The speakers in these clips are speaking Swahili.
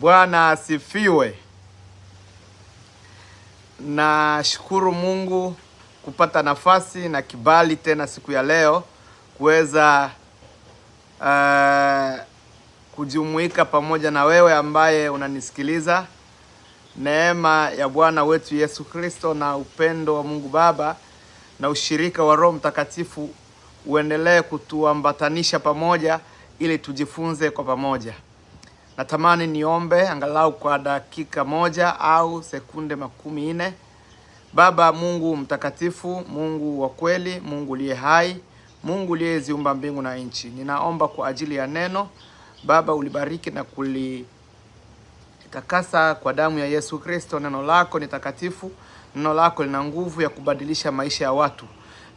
Bwana asifiwe. Nashukuru Mungu kupata nafasi na kibali tena siku ya leo kuweza uh, kujumuika pamoja na wewe ambaye unanisikiliza. Neema ya Bwana wetu Yesu Kristo na upendo wa Mungu Baba na ushirika wa Roho Mtakatifu uendelee kutuambatanisha pamoja ili tujifunze kwa pamoja. Natamani niombe angalau kwa dakika moja au sekunde makumi nne. Baba Mungu mtakatifu, Mungu wa kweli, Mungu uliye hai, Mungu uliyeziumba mbingu na nchi, ninaomba kwa ajili ya neno Baba, ulibariki na kulitakasa kwa damu ya Yesu Kristo. Neno lako ni takatifu, neno lako lina nguvu ya kubadilisha maisha ya watu.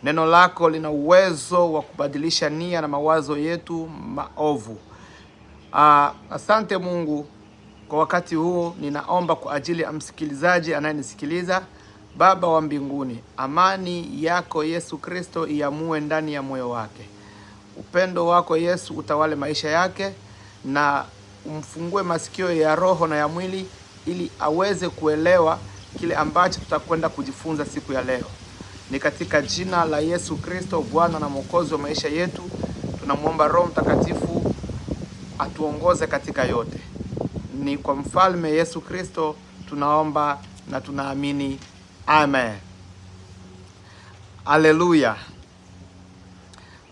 Neno lako lina uwezo wa kubadilisha nia na mawazo yetu maovu. Ah, asante Mungu kwa wakati huu. Ninaomba kwa ajili ya msikilizaji anayenisikiliza. Baba wa mbinguni, amani yako Yesu Kristo iamue ndani ya moyo wake. Upendo wako Yesu utawale maisha yake na umfungue masikio ya roho na ya mwili ili aweze kuelewa kile ambacho tutakwenda kujifunza siku ya leo. Ni katika jina la Yesu Kristo, Bwana na Mwokozi wa maisha yetu, tunamwomba Roho Mtakatifu atuongoze katika yote. Ni kwa mfalme Yesu Kristo tunaomba na tunaamini, amen. aleluya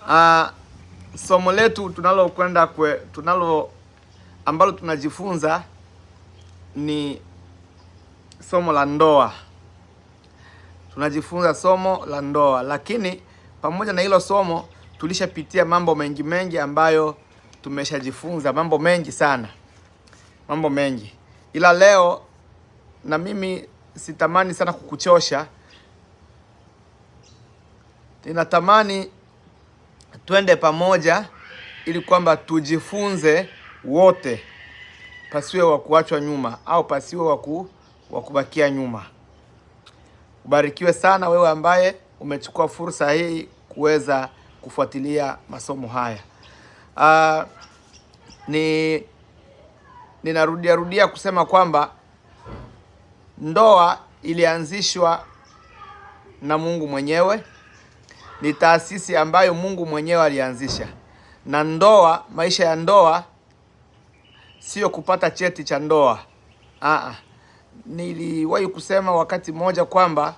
Uh, ah, somo letu tunalokwenda kwe tunalo ambalo tunajifunza ni somo la ndoa. Tunajifunza somo la ndoa, lakini pamoja na hilo somo tulishapitia mambo mengi mengi ambayo tumeshajifunza mambo mengi sana, mambo mengi, ila leo na mimi sitamani sana kukuchosha, ninatamani twende pamoja ili kwamba tujifunze wote, pasiwe wa kuachwa nyuma au pasiwe waku wa kubakia nyuma. Ubarikiwe sana wewe ambaye umechukua fursa hii kuweza kufuatilia masomo haya. Uh, ni ninarudia rudia kusema kwamba ndoa ilianzishwa na Mungu mwenyewe, ni taasisi ambayo Mungu mwenyewe alianzisha. Na ndoa, maisha ya ndoa sio kupata cheti cha ndoa. Aa, niliwahi kusema wakati mmoja kwamba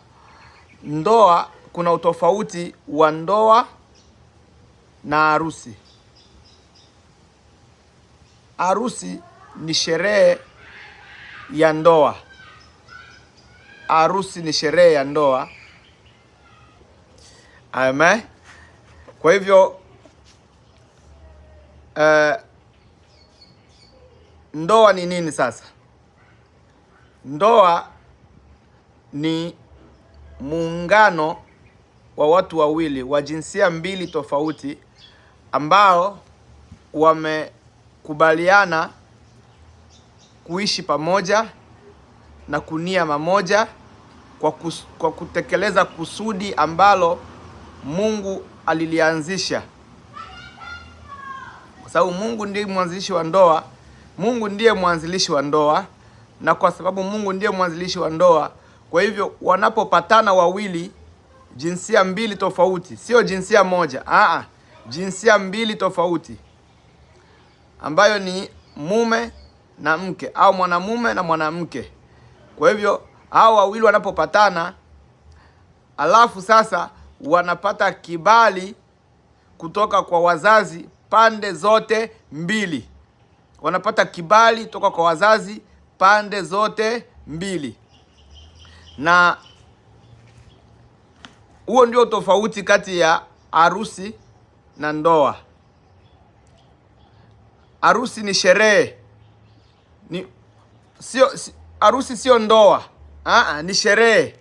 ndoa, kuna utofauti wa ndoa na harusi. Harusi ni sherehe ya ndoa, harusi ni sherehe ya ndoa. Amen. Kwa hivyo uh, ndoa ni nini sasa? Ndoa ni muungano wa watu wawili wa jinsia mbili tofauti ambao wame kukubaliana kuishi pamoja na kunia mamoja kwa, kus, kwa kutekeleza kusudi ambalo Mungu alilianzisha, kwa sababu Mungu ndiye mwanzilishi wa ndoa. Mungu ndiye mwanzilishi wa ndoa, na kwa sababu Mungu ndiye mwanzilishi wa ndoa, kwa hivyo wanapopatana wawili jinsia mbili tofauti, sio jinsia moja, aa, jinsia mbili tofauti ambayo ni mume na mke au mwanamume na mwanamke. Kwa hivyo hao wawili wanapopatana, alafu sasa wanapata kibali kutoka kwa wazazi pande zote mbili, wanapata kibali kutoka kwa wazazi pande zote mbili, na huo ndio tofauti kati ya harusi na ndoa. Harusi ni sherehe, ni sio harusi, sio ndoa. Aa, ni sherehe.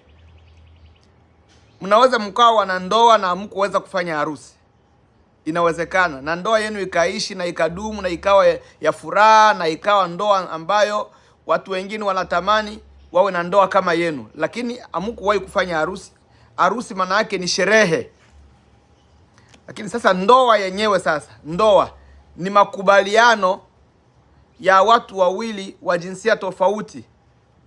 Mnaweza mkawa wana ndoa na mkuweza kufanya harusi, inawezekana, na ndoa yenu ikaishi na ikadumu na ikawa ya furaha na ikawa ndoa ambayo watu wengine wanatamani wawe na ndoa kama yenu, lakini hamkuwahi kufanya harusi. Harusi maana yake ni sherehe, lakini sasa ndoa yenyewe, sasa ndoa ni makubaliano ya watu wawili wa jinsia tofauti,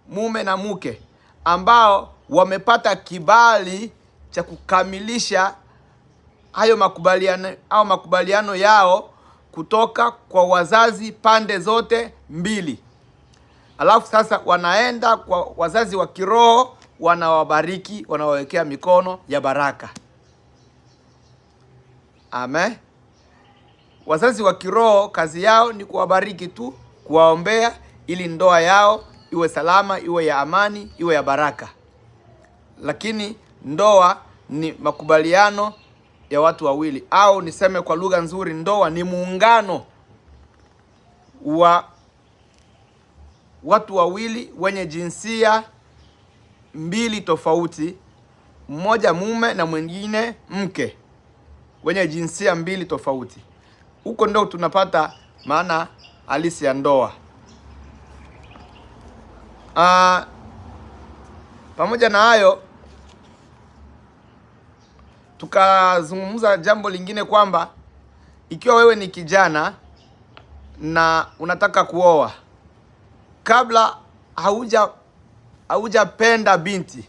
mume na mke, ambao wamepata kibali cha kukamilisha hayo makubaliano au makubaliano yao kutoka kwa wazazi pande zote mbili. Alafu sasa wanaenda kwa wazazi wa kiroho, wanawabariki, wanawawekea mikono ya baraka. Amen. Wazazi wa kiroho kazi yao ni kuwabariki tu, kuwaombea ili ndoa yao iwe salama, iwe ya amani, iwe ya baraka. Lakini ndoa ni makubaliano ya watu wawili, au niseme kwa lugha nzuri, ndoa ni muungano wa watu wawili wenye jinsia mbili tofauti, mmoja mume na mwingine mke, wenye jinsia mbili tofauti. Huko ndo tunapata maana halisi ya ndoa. Ah, pamoja na hayo tukazungumza jambo lingine kwamba ikiwa wewe ni kijana na unataka kuoa, kabla hauja haujapenda binti,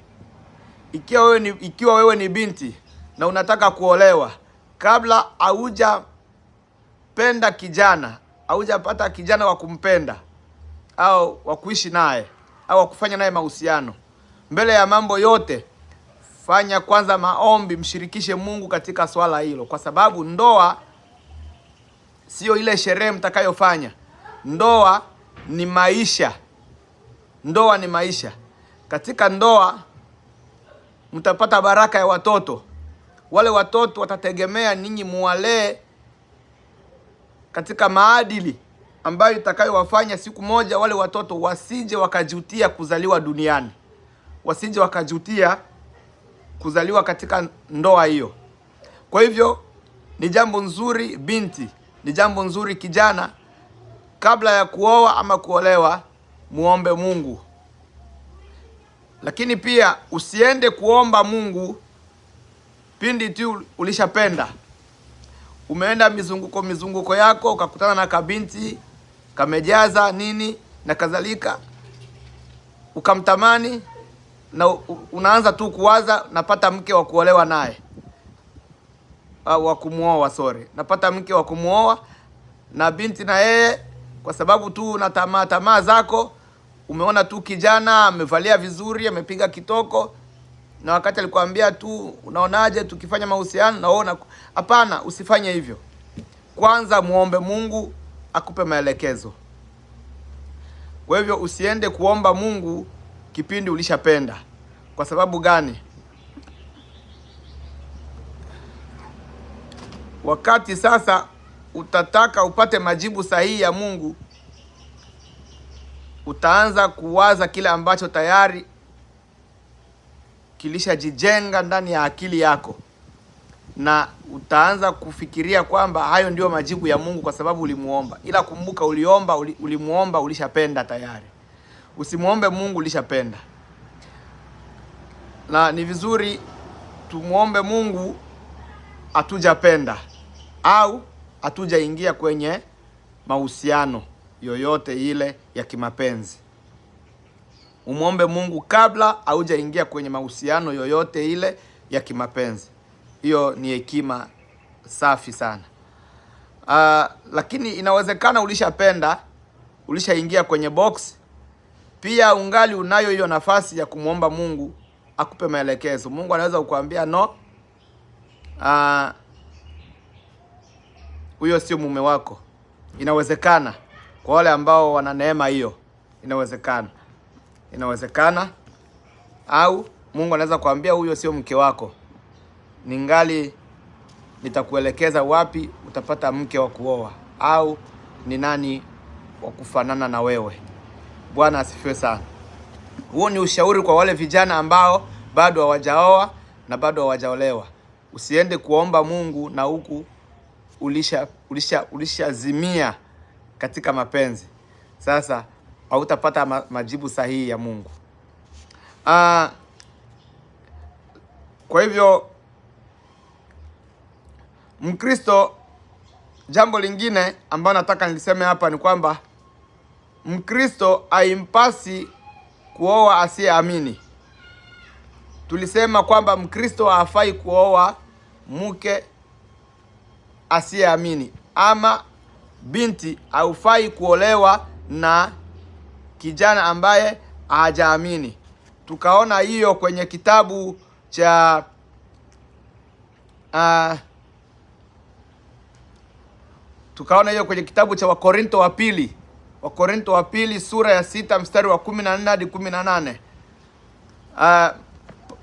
ikiwa wewe ni, ikiwa wewe ni binti na unataka kuolewa, kabla hauja penda kijana, haujapata kijana wa kumpenda au wa kuishi naye au wa kufanya naye mahusiano, mbele ya mambo yote fanya kwanza maombi, mshirikishe Mungu katika swala hilo, kwa sababu ndoa sio ile sherehe mtakayofanya. Ndoa ni maisha, ndoa ni maisha. Katika ndoa mtapata baraka ya watoto, wale watoto watategemea ninyi muwalee katika maadili ambayo itakayowafanya siku moja wale watoto wasije wakajutia kuzaliwa duniani, wasije wakajutia kuzaliwa katika ndoa hiyo. Kwa hivyo ni jambo nzuri binti, ni jambo nzuri kijana, kabla ya kuoa ama kuolewa, muombe Mungu. Lakini pia usiende kuomba Mungu pindi tu ulishapenda umeenda mizunguko mizunguko yako ukakutana na kabinti kamejaza nini na kadhalika, ukamtamani na unaanza tu kuwaza, napata mke wa kuolewa naye au wa kumuoa, sorry, napata mke wa kumuoa na binti na yeye, kwa sababu tu na tamaa tamaa zako, umeona tu kijana amevalia vizuri, amepiga kitoko na wakati alikwambia tu, unaonaje tukifanya mahusiano na wewe? Hapana, usifanye hivyo. Kwanza muombe Mungu akupe maelekezo. Kwa hivyo usiende kuomba Mungu kipindi ulishapenda. Kwa sababu gani? Wakati sasa utataka upate majibu sahihi ya Mungu, utaanza kuwaza kile ambacho tayari kilishajijenga ndani ya akili yako na utaanza kufikiria kwamba hayo ndiyo majibu ya Mungu kwa sababu ulimuomba. Ila kumbuka, uliomba ulimuomba, ulishapenda tayari. Usimuombe Mungu ulishapenda, na ni vizuri tumuombe Mungu hatujapenda au hatujaingia kwenye mahusiano yoyote ile ya kimapenzi umwombe Mungu kabla haujaingia kwenye mahusiano yoyote ile ya kimapenzi. Hiyo ni hekima safi sana. Uh, lakini inawezekana ulishapenda, ulishaingia kwenye box, pia ungali unayo hiyo nafasi ya kumwomba Mungu akupe maelekezo. Mungu anaweza kukuambia no, ah, huyo uh, sio mume wako. Inawezekana kwa wale ambao wana neema hiyo, inawezekana inawezekana, au Mungu anaweza kuambia huyo sio mke wako, ningali nitakuelekeza wapi utapata mke wa kuoa, au ni nani wa kufanana na wewe. Bwana asifiwe sana. Huo ni ushauri kwa wale vijana ambao bado hawajaoa na bado hawajaolewa. Usiende kuomba Mungu na huku ulisha ulishazimia ulisha katika mapenzi. Sasa hautapata majibu sahihi ya Mungu. Ah, kwa hivyo Mkristo, jambo lingine ambalo nataka niliseme hapa ni kwamba Mkristo haimpasi kuoa asiyeamini. Tulisema kwamba Mkristo hafai kuoa mke asiyeamini ama binti haufai kuolewa na kijana ambaye hajaamini. Tukaona hiyo kwenye kitabu cha uh, tukaona hiyo kwenye kitabu cha Wakorinto wa pili, Wakorinto wa pili sura ya sita mstari wa kumi na nne hadi kumi na nane. Uh,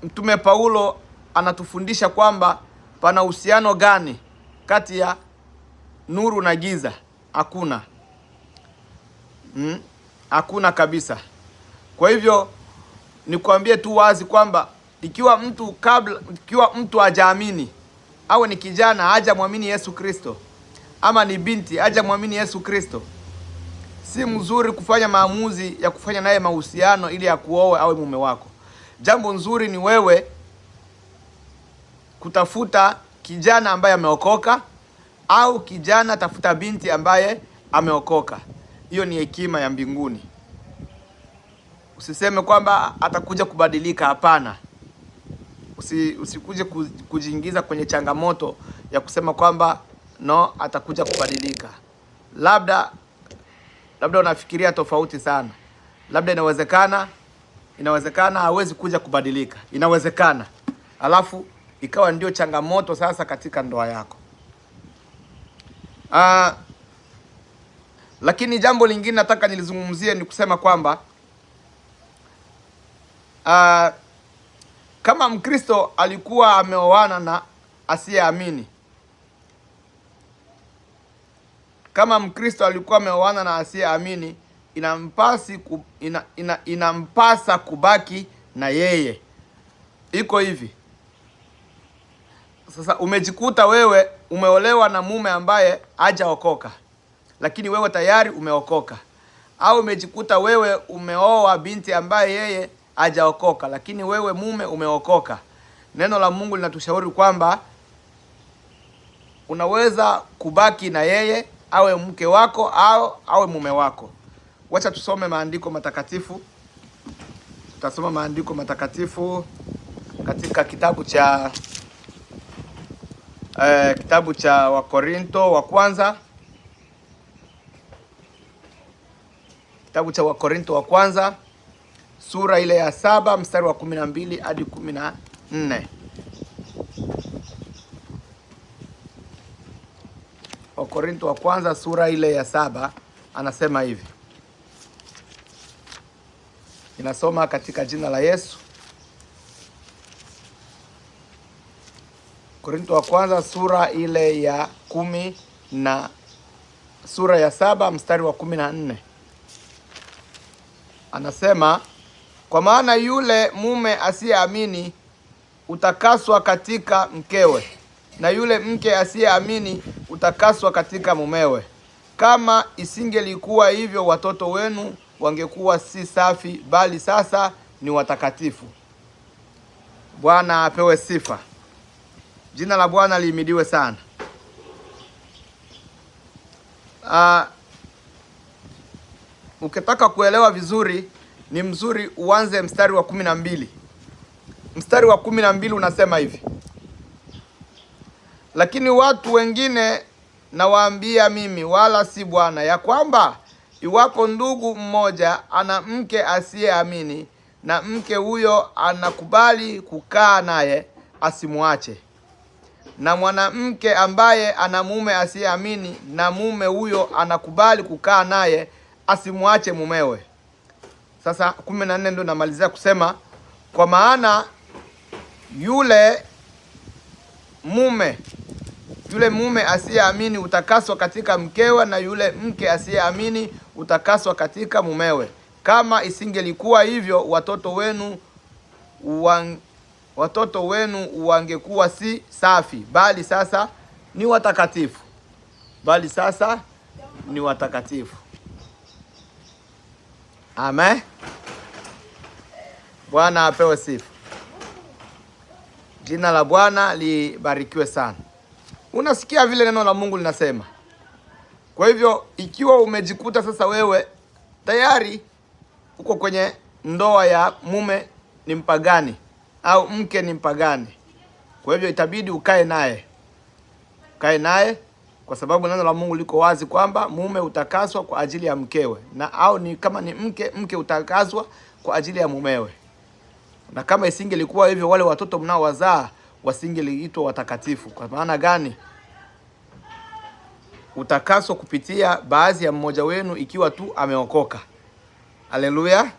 Mtume Paulo anatufundisha kwamba pana uhusiano gani kati ya nuru na giza? Hakuna. Mm hakuna kabisa. Kwa hivyo nikuambie tu wazi kwamba ikiwa mtu kabla, ikiwa mtu hajaamini awe ni kijana hajamwamini Yesu Kristo ama ni binti hajamwamini Yesu Kristo, si mzuri kufanya maamuzi ya kufanya naye mahusiano ili ya awe mume wako. Jambo nzuri ni wewe kutafuta kijana ambaye ameokoka, au kijana tafuta binti ambaye ameokoka. Hiyo ni hekima ya mbinguni. Usiseme kwamba atakuja kubadilika, hapana. Usi, usikuje kujiingiza kwenye changamoto ya kusema kwamba no atakuja kubadilika. Labda labda unafikiria tofauti sana, labda inawezekana inawezekana hawezi kuja kubadilika, inawezekana. Alafu ikawa ndio changamoto sasa katika ndoa yako. Uh, lakini jambo lingine nataka nilizungumzie ni kusema kwamba uh, kama Mkristo alikuwa ameoana na asiyeamini, kama Mkristo alikuwa ameoana na asiyeamini, inampasi ku, ina, ina, inampasa kubaki na yeye. Iko hivi sasa, umejikuta wewe umeolewa na mume ambaye hajaokoka lakini wewe tayari umeokoka, au umejikuta wewe umeoa binti ambaye yeye hajaokoka, lakini wewe mume umeokoka. Neno la Mungu linatushauri kwamba unaweza kubaki na yeye, awe mke wako au awe mume wako. Wacha tusome maandiko matakatifu. Tutasoma maandiko matakatifu katika kitabu cha eh, kitabu cha Wakorinto wa kwanza kitabu cha Wakorintho wa kwanza sura ile ya saba mstari wa kumi na mbili hadi kumi na nne. Wakorintho wa kwanza sura ile ya saba anasema hivi, inasoma katika jina la Yesu. Korinto wa kwanza sura ile ya kumi na sura ya saba mstari wa kumi na nne anasema kwa maana yule mume asiyeamini utakaswa katika mkewe, na yule mke asiyeamini utakaswa katika mumewe. Kama isingelikuwa hivyo, watoto wenu wangekuwa si safi, bali sasa ni watakatifu. Bwana apewe sifa. Jina la Bwana lihimidiwe sana. Uh, ukitaka kuelewa vizuri ni mzuri uanze mstari wa kumi na mbili. Mstari wa kumi na mbili unasema hivi, lakini watu wengine nawaambia mimi, wala si Bwana, ya kwamba iwapo ndugu mmoja ana mke asiyeamini na mke huyo anakubali kukaa naye, asimwache. Na mwanamke ambaye ana mume asiyeamini na mume huyo anakubali kukaa naye asimwache mumewe. Sasa kumi na nne ndo namalizia kusema, kwa maana yule mume yule mume asiyeamini utakaswa katika mkewe, na yule mke asiyeamini utakaswa katika mumewe. Kama isingelikuwa hivyo, watoto wenu wang, watoto wenu wangekuwa si safi, bali sasa ni watakatifu, bali sasa ni watakatifu. Amen. Bwana apewe sifa. Jina la Bwana libarikiwe sana. Unasikia vile neno la Mungu linasema. Kwa hivyo ikiwa umejikuta sasa wewe tayari uko kwenye ndoa ya mume ni mpagani au mke ni mpagani, kwa hivyo itabidi ukae naye, ukae naye kwa sababu neno la Mungu liko wazi kwamba mume utakaswa kwa ajili ya mkewe, na au ni kama ni mke, mke utakaswa kwa ajili ya mumewe. Na kama isingelikuwa hivyo, wale watoto mnaowazaa wasingeliitwa watakatifu. Kwa maana gani? Utakaswa kupitia baadhi ya mmoja wenu, ikiwa tu ameokoka. Haleluya!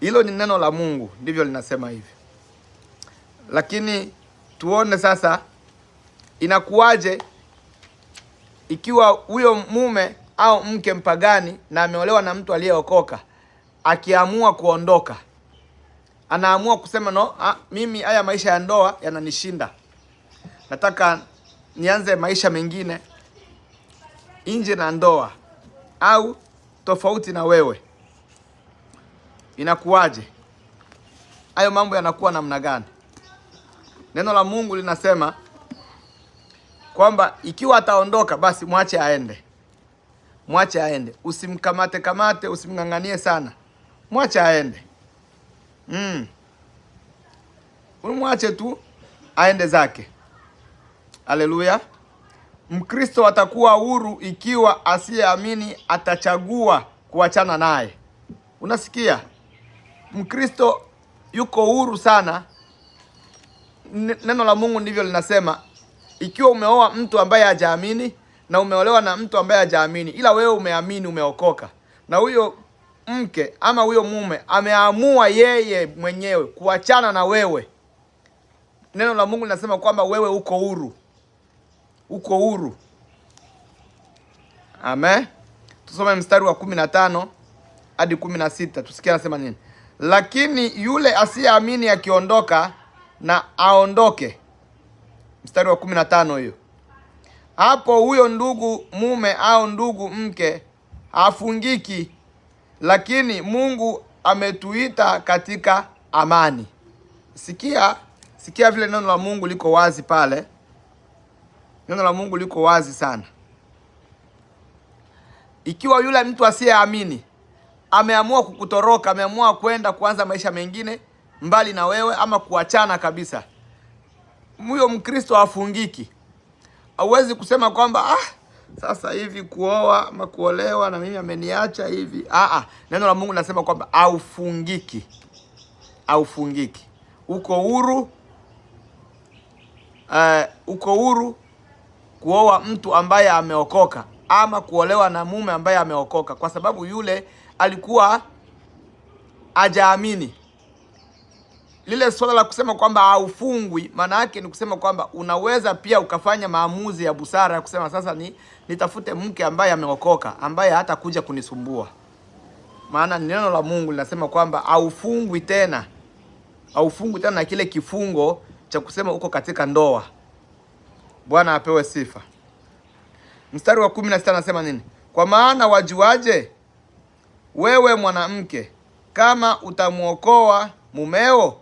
Hilo ni neno la Mungu, ndivyo linasema hivi. Lakini tuone sasa inakuwaje ikiwa huyo mume au mke mpagani na ameolewa na mtu aliyeokoka akiamua kuondoka, anaamua kusema no, ha, ah, mimi haya maisha ya ndoa yananishinda, nataka nianze maisha mengine nje na ndoa au tofauti na wewe, inakuwaje? Hayo mambo yanakuwa namna gani? Neno la Mungu linasema kwamba ikiwa ataondoka basi mwache aende, mwache aende, usimkamate kamate, usimng'ang'anie sana, mwache aende mm. Umwache tu aende zake. Haleluya. Mkristo atakuwa huru ikiwa asiyeamini atachagua kuachana naye. Unasikia, Mkristo yuko huru sana. Neno la Mungu ndivyo linasema ikiwa umeoa mtu ambaye hajaamini na umeolewa na mtu ambaye hajaamini, ila wewe umeamini, umeokoka, na huyo mke ama huyo mume ameamua yeye mwenyewe kuachana na wewe, neno la Mungu linasema kwamba wewe uko huru, uko huru. Amen. Tusome mstari wa kumi na tano hadi kumi na sita tusikie anasema nini. Lakini yule asiyeamini akiondoka, na aondoke mstari wa kumi na tano hiyo hapo, huyo ndugu mume au ndugu mke hafungiki, lakini Mungu ametuita katika amani. Sikia, sikia vile neno la Mungu liko wazi pale, neno la Mungu liko wazi sana. Ikiwa yule mtu asiyeamini ameamua kukutoroka, ameamua kwenda kuanza maisha mengine mbali na wewe, ama kuachana kabisa huyo Mkristo afungiki. auwezi kusema kwamba ah, sasa hivi kuoa ama kuolewa na mimi ameniacha hivi. Ah, ah, neno la Mungu nasema kwamba aufungiki, aufungiki, uko huru Uh, uko huru kuoa mtu ambaye ameokoka ama kuolewa na mume ambaye ameokoka, kwa sababu yule alikuwa hajaamini lile swala la kusema kwamba haufungwi, maana yake ni kusema kwamba unaweza pia ukafanya maamuzi ya busara ya kusema sasa, ni nitafute mke ambaye ameokoka, ambaye hata kuja kunisumbua. Maana neno la Mungu linasema kwamba haufungwi tena, haufungwi tena na kile kifungo cha kusema uko katika ndoa. Bwana apewe sifa. Mstari wa kumi na sita anasema nini? Kwa maana wajuaje wewe mwanamke, kama utamwokoa mumeo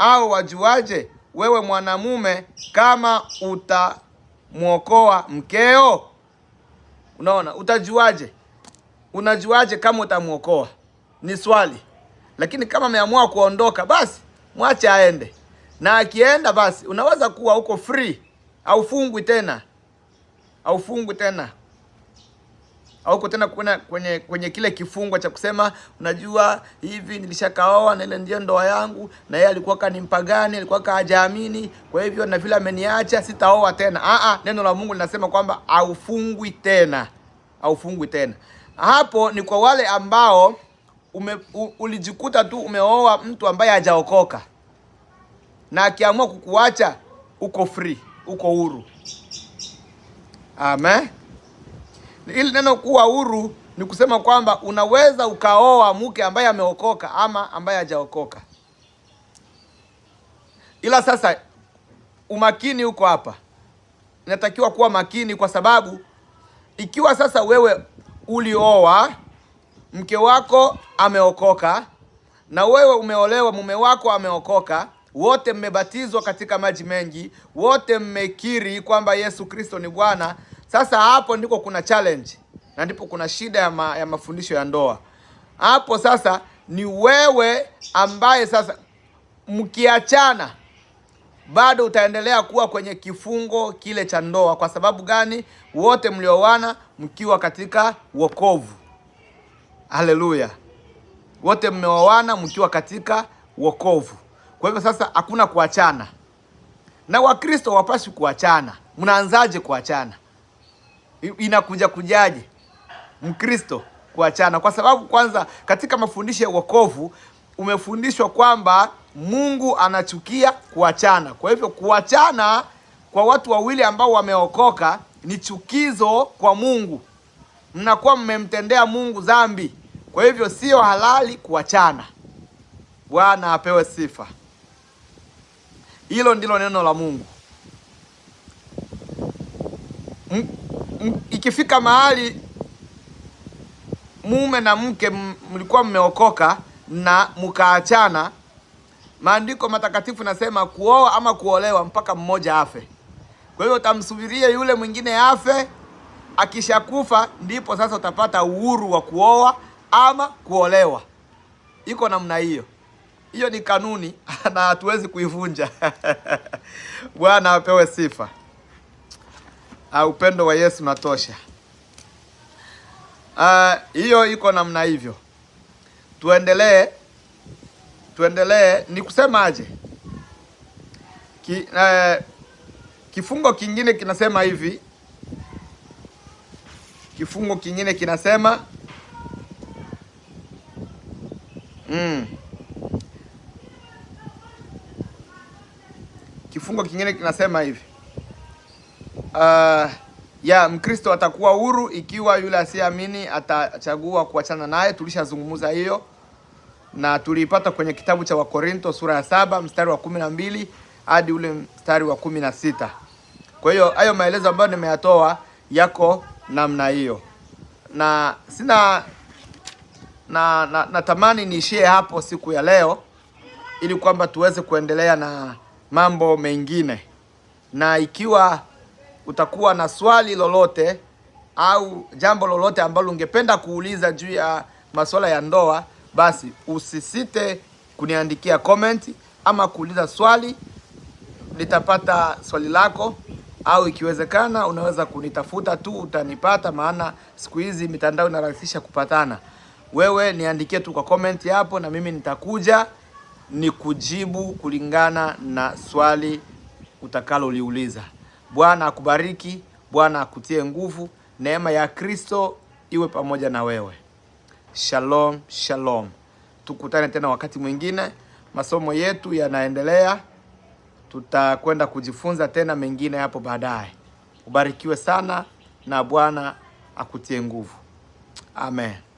au wajuaje wewe mwanamume kama utamwokoa mkeo? Unaona, utajuaje? Unajuaje kama utamwokoa? Ni swali. Lakini kama ameamua kuondoka, basi mwache aende, na akienda, basi unaweza kuwa uko free, aufungwi tena, aufungwi tena au tena kuna kwenye kwenye kile kifungo cha kusema unajua hivi nilishakaoa na ile ndio ndoa yangu, na yeye alikuwa kani mpagani, alikuwa hajaamini, kwa hivyo na vile ameniacha sitaoa tena. Ah, ah neno la Mungu linasema kwamba aufungwi tena, aufungwi tena. Hapo ni kwa wale ambao ume, u, ulijikuta tu umeoa mtu ambaye hajaokoka na akiamua kukuacha, uko free, uko huru. Amen. Ili neno kuwa huru ni kusema kwamba unaweza ukaoa mke ambaye ameokoka ama ambaye hajaokoka, ila sasa umakini huko hapa, inatakiwa kuwa makini, kwa sababu ikiwa sasa wewe ulioa mke wako ameokoka na wewe umeolewa mume wako ameokoka, wote mmebatizwa katika maji mengi, wote mmekiri kwamba Yesu Kristo ni Bwana. Sasa hapo ndiko kuna challenge na ndipo kuna shida ya, ma, ya mafundisho ya ndoa. Hapo sasa ni wewe ambaye sasa mkiachana bado utaendelea kuwa kwenye kifungo kile cha ndoa. Kwa sababu gani? Wote mlioana mkiwa katika wokovu. Haleluya! Wote mmeoana mkiwa katika wokovu. Kwa hivyo sasa hakuna kuachana, na Wakristo wapasi kuachana. Mnaanzaje kuachana? inakuja kujaje Mkristo kuachana? Kwa sababu kwanza, katika mafundisho ya wokovu umefundishwa kwamba Mungu anachukia kuachana. Kwa hivyo kuachana kwa watu wawili ambao wameokoka ni chukizo kwa Mungu, mnakuwa mmemtendea Mungu dhambi. Kwa hivyo sio halali kuachana. Bwana apewe sifa. Hilo ndilo neno la Mungu ikifika mahali mume na mke mlikuwa mmeokoka na mkaachana, maandiko matakatifu nasema kuoa ama kuolewa mpaka mmoja afe. Kwa hiyo utamsubiria yule mwingine afe, akishakufa ndipo sasa utapata uhuru wa kuoa ama kuolewa. Iko namna hiyo. Hiyo ni kanuni na hatuwezi kuivunja. Bwana apewe sifa uh, upendo wa Yesu unatosha. Ah, hiyo iko namna hivyo. Tuendelee, tuendelee. Ni kusemaje? Ki, uh, kifungo kingine kinasema hivi, kifungo kingine kinasema mm. Kifungo kingine kinasema hivi uh, ya Mkristo atakuwa huru ikiwa yule asiyeamini atachagua kuachana naye. Tulishazungumza hiyo na tuliipata kwenye kitabu cha Wakorinto sura ya saba mstari wa kumi na mbili hadi ule mstari wa kumi na sita. Kwa hiyo hayo maelezo ambayo nimeyatoa yako namna hiyo, na sina na, na, niishie hapo siku ya leo ili kwamba tuweze kuendelea na mambo mengine na ikiwa utakuwa na swali lolote au jambo lolote ambalo ungependa kuuliza juu ya masuala ya ndoa, basi usisite kuniandikia comment ama kuuliza swali, nitapata swali lako, au ikiwezekana unaweza kunitafuta tu, utanipata. Maana siku hizi mitandao inarahisisha kupatana. Wewe niandikie tu kwa comment hapo, na mimi nitakuja nikujibu kulingana na swali utakaloliuliza. Bwana akubariki, Bwana akutie nguvu, neema ya Kristo iwe pamoja na wewe. Shalom, shalom. Tukutane tena wakati mwingine, masomo yetu yanaendelea, tutakwenda kujifunza tena mengine hapo baadaye. Ubarikiwe sana na Bwana akutie nguvu. Amen.